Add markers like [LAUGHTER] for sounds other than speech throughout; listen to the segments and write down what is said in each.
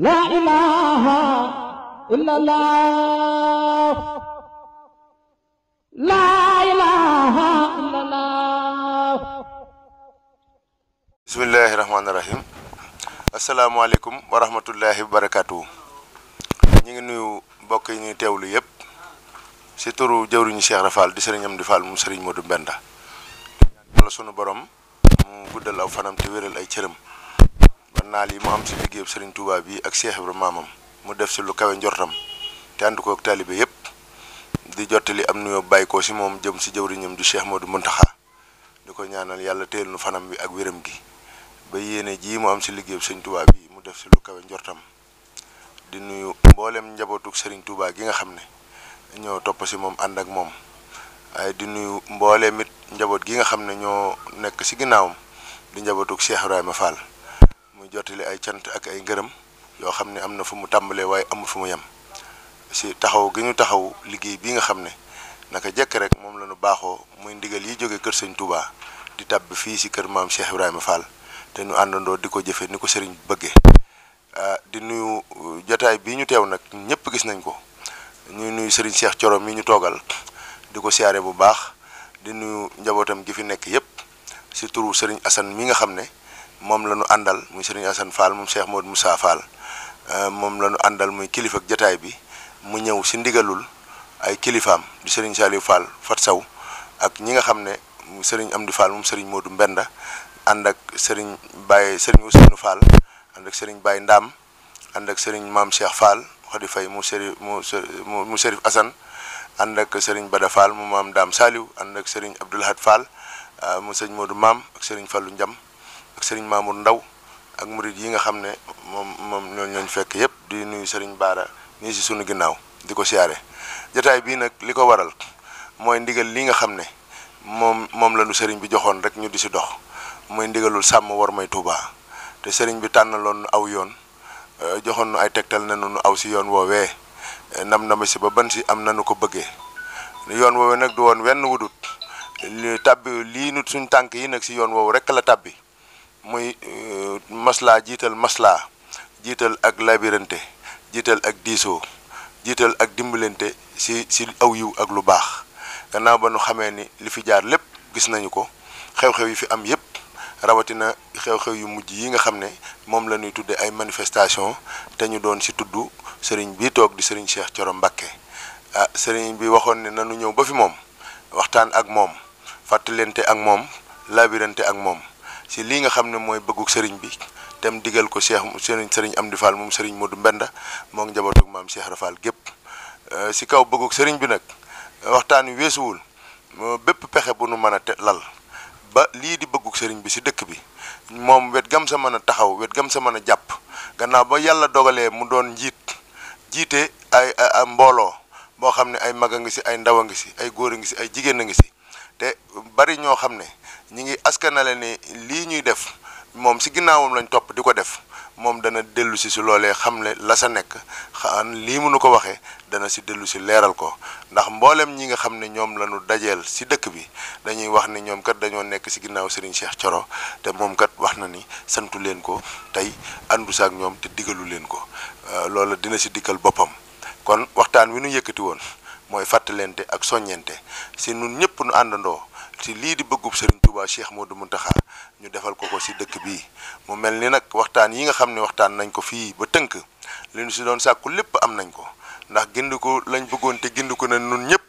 la ilaha illallah la ilaha illallah bismillahi rahmaani barakaatu ñu ngi nuyu mbokk yi ñuy teewlu yëpp si turu jëwriñu Cheikh Rafal di sëriñ Amdi Fall mu sëriñ Modou Mbenda wala sunu borom mu guddal aw fanam te wéral ay cëram naa lii mu am si liggéeyub Serigne Touba bi ak Cheikh maamam mu def si lu kawe njortam te ànd koog taalibe yépp di jottali am nuyoo bàyyi ko si moom jëm si jëwriñam di Cheikh Modou Mountakha di ko ñaanal yàlla téyel nu fanam bi ak wéram gi ba yéene jii mu am si liggéeyub Serigne bi mu def si lu kawe njortam di nuyu mboolem njabootug Serigne Touba gi nga xam ne ñoo topp si moom ànd ak moom waaye di nuyu mbooleem it njaboot gi nga xam ne ñoo nekk si ginnaawam di njabootug Cheikh Ibrahima Fall. jottali ay cant ak ay ngërëm yoo xam ne am na fu mu tàmbalee waaye amul fu mu yem si taxaw gi ñu taxaw liggéey bi nga xam ne naka jekk rek moom la ñu baaxoo muy ndigal yi jóge kër sëñ di tàbb fii si kër maam Cheikh Ibrahima Fall te ñu àndandoo di ko jëfe ni ko sëriñ bëggee ah, di nuyu jotaay bii ñu teew nag ñëpp gis nañ ko ñuy nuyu sëriñ Cheikh Coro mi ñu toogal di ko siyaare bu baax di nuyu njabootam gi fi nekk yëpp si turu sëriñ Assane mi nga xam ne. mom lañu andal, muy serigne Assane Fall mom Cheikh Modou Moussa Fall euh mom lañu andal muy kilifa ak jotaay bi mu ñew ci ndigalul ay kilifam di serigne Saliou Fall Fat Saw ak ñi nga xamne ne sëriñ Amdi Fall mom serigne Modou Mbenda and ak serigne Baye serigne ousmane Fall and ak serigne Baye Ndam and ak serigne mam Cheikh Fall Khady fay mu serigne mu mu sëriñ Assane and ak serigne Bada Fall mu mam, dam Saliou and ak sëriñ Abdoulahad Fall euh, mu serigne Modou mam ak serigne Fallou Ndiam. ak sëriñ Mamour Ndaw ak murid yi nga xam ne moom moom ñooñu lañ fekk yëpp di nuyu sëriñ Baara nii si sunu ginnaaw di ko siyaare jotaay bii nag li ko waral mooy ndigal li nga xam ne moom moom la nu sëriñ bi joxoon rek ñu di si dox mooy ndigalul sàmm war may Touba te sëriñ bi tànnaloon aw yoon euh, joxoon nu ay tegtal na nu aw si yoon woowee nam na ma si ba ban si am na nu ko bëggee yoon woowee nag du woon wenn wudut li tàbbi lii nu suñ tànk yi nag si yoon woowu rek la tàbbi muy euh, maslaa jiital maslaa jiital ak labirante jiital ak diisoo jiital ak dimbalante si si aw yiw ak lu baax gannaaw ba nu xamee ni li fi jaar lépp gis nañu ko xew-xew yi fi am yépp rawatina xew-xew yu mujj yi nga xam ne moom la ñuy tuddee ay manifestation te ñu doon si tudd sëriñ bi toog di sëriñ Cheikh Thioro Mbacké ah sëriñ bi waxoon ne nanu ñëw ba fi moom waxtaan ak moom fàttalente ak moom labirante ak moom ci li nga xamne moy bëgguk sëriñ bi dem digal ko cheikh sëriñ sëriñ Amdi Fall mom sëriñ Modou Mbenda mo ngi njabootug maam Cheikh Rafal gep si euh, kaw bëgguk sëriñ bi nak waxtaan wi weesuwul bépp pexe bu nu mëna lal ba li di bëgguk sëriñ bi si dëkk bi mom wet gam sa mëna taxaw wet gam sa mëna japp gannaaw ba yalla dogalé mu doon jitt jité ay mbolo bo xamne ay maga nga ci ay ndaw nga ci ay goor nga ci ay jigen nga ci té bari ño xamne ñi ngi askanale ni lii ñuy def moom si ginnaawam lañ topp di ko def moom dana dellu si si loolee xam ne la sa nekk xaan lii mënu ko waxee dana si dellu si leeral ko ndax mboolem ñi nga xam ne ñoom la ñu dajeel si dëkk bi dañuy wax ni ñoom kat dañoo nekk si ginnaaw Serigne seex Thioro te moom kat wax na ni santu leen ko tey àndu saak ñoom te diggalu leen ko euh, loolu dina si dikkal boppam kon waxtaan wi nu yëkkati woon mooy fàttalente ak soññente si nun ñëpp nu àndandoo. ci lii di bëggu bëggub Serigne Touba Cheikh Modou Mountakha ñu defal ko ko si dëkk bii mu mel ni nag waxtaan yi nga xam ne waxtaan nañ ko fii ba tënk li ñu si doon sàkku lépp am nañ ko ndax gindiku lañ bëggoon te gindiku na nun ñëpp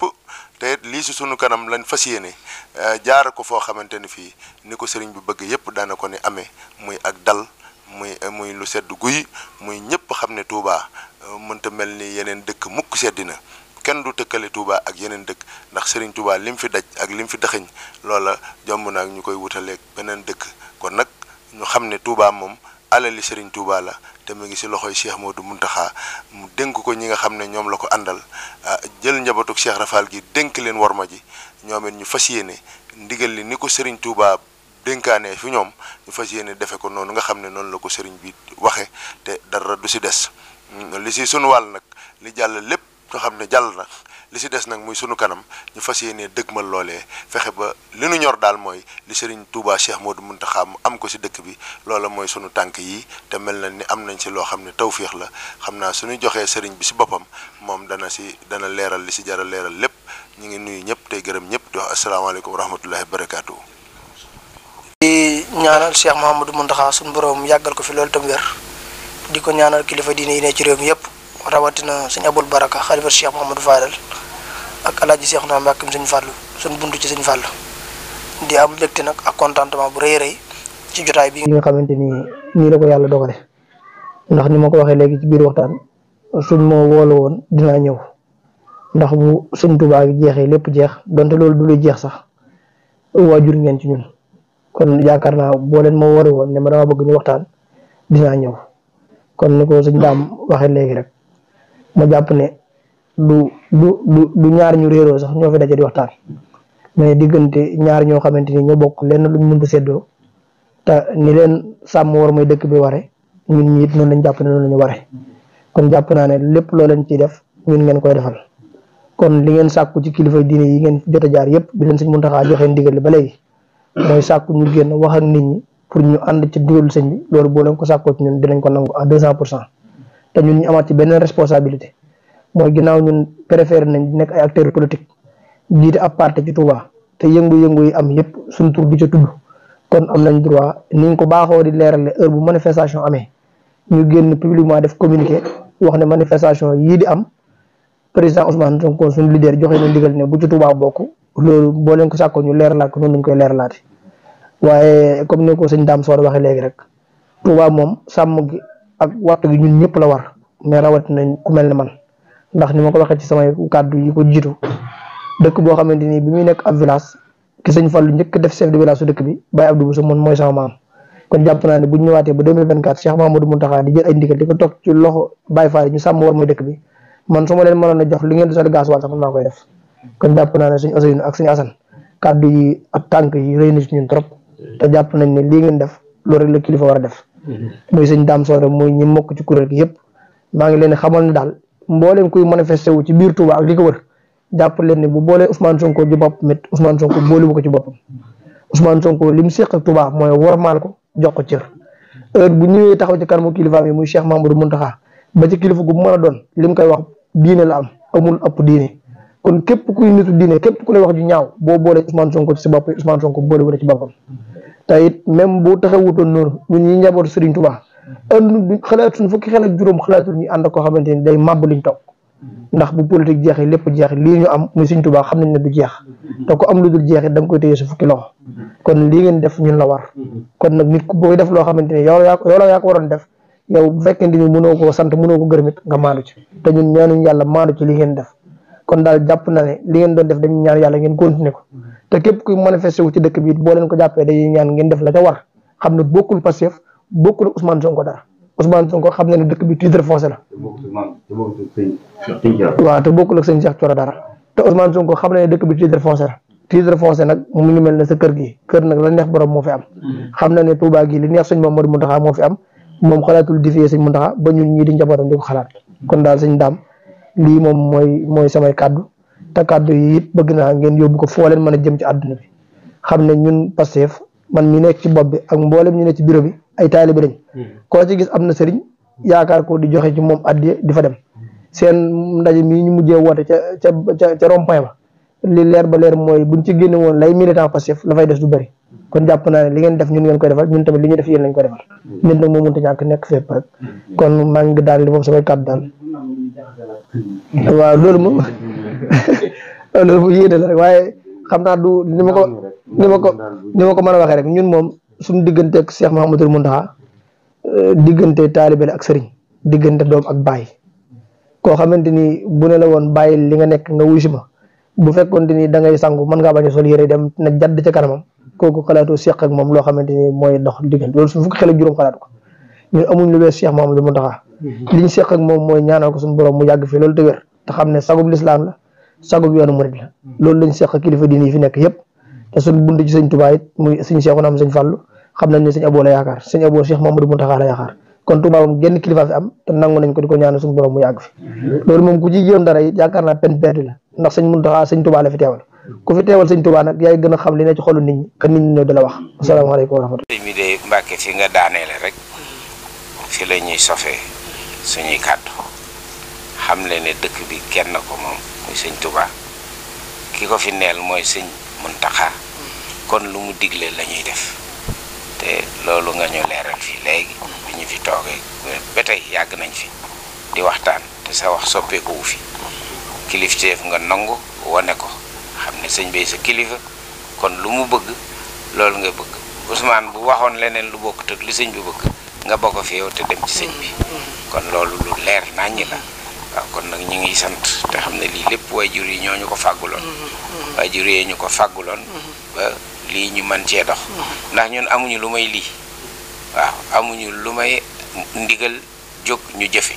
te lii si sunu kanam lañ fas yéene eh, jaar ko foo xamante ni fii ni ko sëriñ bi bëgg yëpp daana ko ni amee muy ak dal muy eh, muy lu sedd guy muy ñëpp xam ne Touba eh, mënta mel ni yeneen dëkk mukk seddi na kenn du ak yeneen dëkk ndax Serigne Touba lim fi daj ak lim fi dëxëñ loola jomb naag ñu koy wutaleeg beneen dëkk kon nag ñu xam ne Touba moom alali sëriñ Touba la te mu ngi si loxoy Cheikh Modou Muntaxa mu dénk ko ñi nga xam ne ñoom la ko àndal jël njabootug Cheikh Rafal gi dénk leen worma ji ñoom ñu fas yéene ndigal li ni ko Serigne Touba. dénkaane fi ñoom ñu fas yéene defe ko noonu nga xam ne noonu la ko sëriñ bi waxe te dara du si des mm, li si sunu nag li jàll lépp ñu xamne jall nang na li ci dess nak muy suñu kanam ñu ini deggmal lolé fexé ba li ñu ñor dal moy li serigne Touba Cheikh Modou Muntaxa am ko si dekk bi lolé moy sunu tank yi te mel na ni am nañ ci lo xamne ne la xamna suñu joxé serigne bi si bopam mom dana ci dana léral li ci jara léral lépp ñi ngi nuyu ñëpp tey gërëm ñëpp di assalamu alaykum wa rahmatullahi barakaatu. di ñaanal Cheikh mohammed Muntaxa sunu borom yagal ko fi lolé tam wér di ñaanal kilifa diine yi ne ci rew mi rawatina sëñ Abul Baraka xalifa Cheikh Mouhamadou Fadal ak alaaji Cheikh naa Mbàkkim sëñ Fàllu suñ bunt ci sëñ Fàllu di am légte nag ak contentement bu rëy rëy ci jotaay bi nga xamante ni nii la ko yàlla dogale ndax ni ma ko waxee léegi ci biir waxtaan suñ moo woolu woon dinaa ñëw ndax bu sëñ gi jeexee lépp jeex donte loolu du luy jeex sax waajur ngeen ci ñun kon yaakaar naa boo leen ma woon ne ma waxtaan dinaa ñëw kon ni ko sëñ daam waxee léegi rek ma jàpp ne du du du du ñaar ñu réeroo sax ñoo fi daje di waxtaan mais diggante ñaar ñoo xamante ni ñoo bokk lenn luñ mënta séddoo te ni leen sàmm war mooy dëkk bi ware ñun ñi it noonu lañ jàpp ne noonu lañu ware kon jàpp naa ne lépp loo leen ciy def ñun ngeen koy defal kon li ngeen sàkku ci kilifa diine yi ngeen jot a jaar yëpp bi leen sëñ Muntaxa joxe ndigal ba léegi mooy sàkku ñu génn wax ak nit ñi pour ñu ànd ci digalu sëñ bi loolu boo leen ko sàkkoo ci ñun ko nangu à deux cent pour cent te ñun ñu amaat ci benn responsabilité mooy ginnaaw ñun préféré nañ nekk ay acteurs politique jiite ab parti ci Touba te yëngu-yëngu yi am yëpp suñu tur di ca tudd kon am nañ droit ni ko baaxoo di leerale heure bu manifestation amee ñu génn publiquement def communiqué wax ne manifestation yii di am président Ousmane Sonko suñu leader joxe na ndigal ne bu ci Touba bokk loolu boo leen ko sàkkoo ñu leerlaat ko noonu lañ koy leerlaati waaye comme ni ko sëñ Dame Sow waxee léegi rek ak wat gi ñun ñëpp la war mais rawat nañ ku melni man ndax ni ma ko waxe ci samay kaddu yi ko jitu dekk bo xamanteni bi mi nek ab village ki señ fallu njëkk def chef de village su dekk bi Baye Abdou Bousso mon moy sama mam kon japp na ni bu ñu ñëwaatee ba 2024 Cheikh Mamadou Mountakha di jël ay ndigal diko tok ci loxo Baye Fall ñu sam war moy dekk bi man suma leen mënon na jox li ngeen do sa gas wal sama man koy def kon japp na ni señ Ousseynou ak señ Assane kaddu yi ak tank yi reyna ci ñun trop te japp nañ ni li ngeen def lo rek la kilifa wara def mooy sëñ daam soo soore muy ñi mokk ci kuréel gi yëpp maa ngi leen xamal ne daal mbooleem kuy manifesté wu ci biir Touba ak ko wër jàpp leen ne bu boolee Ousmane Sonko ci bopp mit Ousmane Sonko boole bu ko ci boppam Ousmane Sonko li mu séq mooy Touba mooy wormaal ko jox ko cër heure bu ñëwee taxaw ci kanamu kilifaam yi muy Cheikh mun Mountakha ba ci kilifa gu mu mën a doon li mu koy wax diine la am amul ëpp diine kon képp kuy nitu diine képp ku lay wax ju ñaaw boo boole Ousmane Sonko ci sa bopp Ousmane Sonko boole wala ci boppam te it même bu taxawutoon noonu ñun ñi njaboot Serigne Touba ënd xalaatuñ fukki xel ak juróom xalaatuñ ñu ànd ak koo xamante ni day màbb liñ toog ndax bu politique jeexee lépp jeex lii ñu am muy Serigne Touba xam nañ ne du jeex te ko am lu dul jeexee da nga koy téye sa fukki loxo kon lii ngeen def ñun la war kon nag nit ku booy def loo xamante ni yow la yow la yaa ko waroon def yow bu fekkee ni mënoo koo sant mënoo ko gërëm it nga maandu ci te ñun ñaanuñ yàlla maandu ci li ngeen def kon daal jàpp na ne li ngeen doon def dañu ñaan yàlla ngeen continuer ko te képp kuy manifesté wu ci dëkk bi it boo leen ko jàppee dañuy ñaan ngeen def la ca war xam ne bokkul Pastef bokkul Ousmane Sonko dara Ousmane Sonko xam na ne dëkk bi titre foncé la. waaw bokkul ak sëñ Cheikh dara te Ousmane Sonko xam ne dëkk bi titre foncé la. titre foncé nag mu ngi mel ne sa kër gi kër nag la neex borom moo fi am. Mm-hmm. xam na ne Touba gi li neex moo sëñ Mamadou Mountakha moo fi am moom xalaatul di fiyee sëñ Mountakha ba ñu ñii di njabootam di ko xalaat kon daal sëñ daam lii moom mooy mooy samay kàddu te kàddu yit it bëgg naa ngeen yóbbu ko foo leen mën a jëm ci àdduna bi xam ne ñun Pastef man ñu nekk ci bopp bi ak mboolem ñu nekk ci bureau bi ay taalibe lañ hmm. koo ci gis am na sëriñ yaakaar ko di joxe ci moom addiya di fa dem seen ndaje mii ñu mujjee woote ca ca ca ca rond-point ba li leer ba leer mooy buñ ci génne woon lay militant Pastef la fay des du bëri kon japp na li ngeen def ñun ngeen koy defal ñun tamit li ñu def yeen lañ koy defal ñun nak mo mënta ñak nek fepp rek kon ma ngi dal li moom sama kàddu daal waaw loolu mo [LAUGHS] loolu moom yéene la waye waaye xam naa du nima ko nima ko nima ko mëna waxe rek ñun mom suñu digënté ak Cheikh mahamoudou Mountakha euh, digënté talibé ak sëriñ digënté doom ak baay ko xamanteni bu ne la won bàyyi li nga nek nga wuy si ma bu fekkoon ni da ngay sangu man nga bañu sol yere dem na jadd ci kanamam koku xalaatu seq ak mom lo xamanteni ni dox digal lolou su fukki xel juroom juróom xalaatu ko ñun amuñ lu wess Cheikh Mamadou Mountakha mhm. li ñu seq ak mom moy ñaanal ko suñu borom mu yagg fi lolou dëgër te xam ne sagub l'islam la sagub yoonu murid la mhm. loolu lañ seq kilifa diine fi nek yépp te suñu bunt ci seigne touba yi muy seigne cheikh onam seigne fallu xamna ni seigne sëñ la yaakaar seigne Aboo Cheikh Mamadou Mountakha la yaakaar kon Touba mom genn kilifa fi am te nangu nañ ko diko ñaanal suñu borom mu yagg fi mhm. lolou mom ku ci yoon dara it yaakaar pen perdu la ndax sëñ Muntaxa sëñ Tuubaa la fi teewal ku fi teewal sëñ Tuubaa nag yaay gën a xam li ne ci xolu nit ñi ka nit ñi ñëw di la wax asalaamaaleykum wa rahmatulah mi de Mbàkke fi nga daaneele rek fi la ñuy sofee suñuy kàddu xam le ne dëkk bi kenn ko moom muy sëñ Tuubaa ki ko fi neel mooy sëñ Muntaxa kon lu mu digle la ñuy def te loolu nga ñu leeral fii léegi bi ñu fi toogee ba tey yàgg nañ fi di waxtaan te sa wax soppeeku wu fi kilifteef nga nangu wane ko xam ne sëñ bay sa kilifa kon lu mu bëgg loolu nga bëgg Ousmane bu waxoon leneen lu bokk tëg li sëñ bu bëgg nga bokk fi yow te dem ci sëñ bi mm-hmm. Mm-hmm. kon loolu lu leer naññi la waaw kon nag ñu ngi sant te xam ne lii lépp waajur yi ñoo ñu ko fàgguloon mm-hmm. waajur yi ñu ko fàgguloon ba lii ñu man cee dox ndax ñun amuñu lu may lii waaw amuñu lu may ndigal jóg ñu jëfe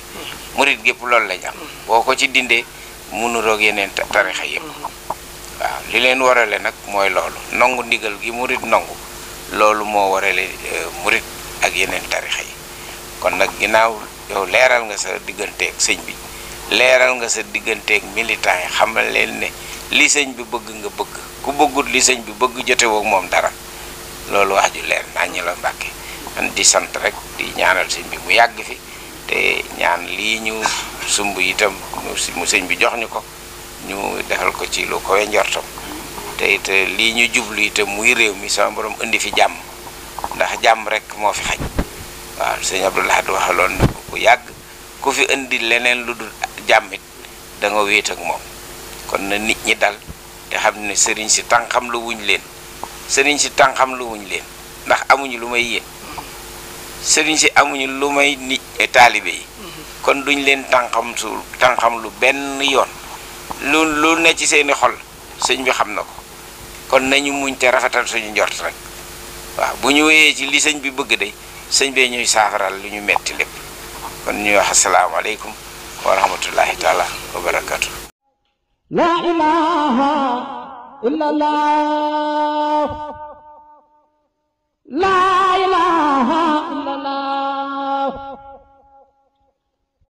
murit gépp loolu lañ am boo ko ci dindee munu roog yeneen tarixa yëpp mm-hmm. waaw li leen warale nag mooy loolu nangu ndigal gi murit nangu loolu moo warale euh, murit ak yeneen tarixa yi kon nag ginnaaw yow leeral nga sa digganteeg sëñ bi leeral nga sa digganteeg militant yi xamal leen ne li sëñ bi bëgg nga bëgg ku bëggut li sëñ bi bëgg jotewoo moom dara loolu wax ju leer naa ñu la mbàkke di sant rek di ñaanal sëñ bi mu yàgg fi te ñaan lii ñu sumb itam mu sëñ bi jox ñu ko ñu defal ko ci lu koy njortam te it eh, lii ñu jublu itam muy réew mi sama borom indi fi jàmm ndax jàmm rek moo fi xaj waaw sëñ Abdoul Ahad waxaloon na ko bu yàgg ku fi indi leneen lu dul jàmmit danga nga wéet ak moom kon na nit ñi dal te xam ne sëriñ si tànqam lu wuñ leen sëriñ si tànqam lu wuñ leen ndax amuñu lu may yéen sëriñ si amuñu lu may nit eh, taalibe yi kon duñ leen tànqam su tànqam lu benn yoon lu lu ne ci seeni xol sëñ bi xam na ko kon nañu muñ te rafetal suñu njort rek waaw bu ñu wéyee ci li sëñ bi bëgg de sëñ bee ñuy saafaral lu ñu metti lépp kon ñuy wax asalaamaaleykum wa rahmatullahi taala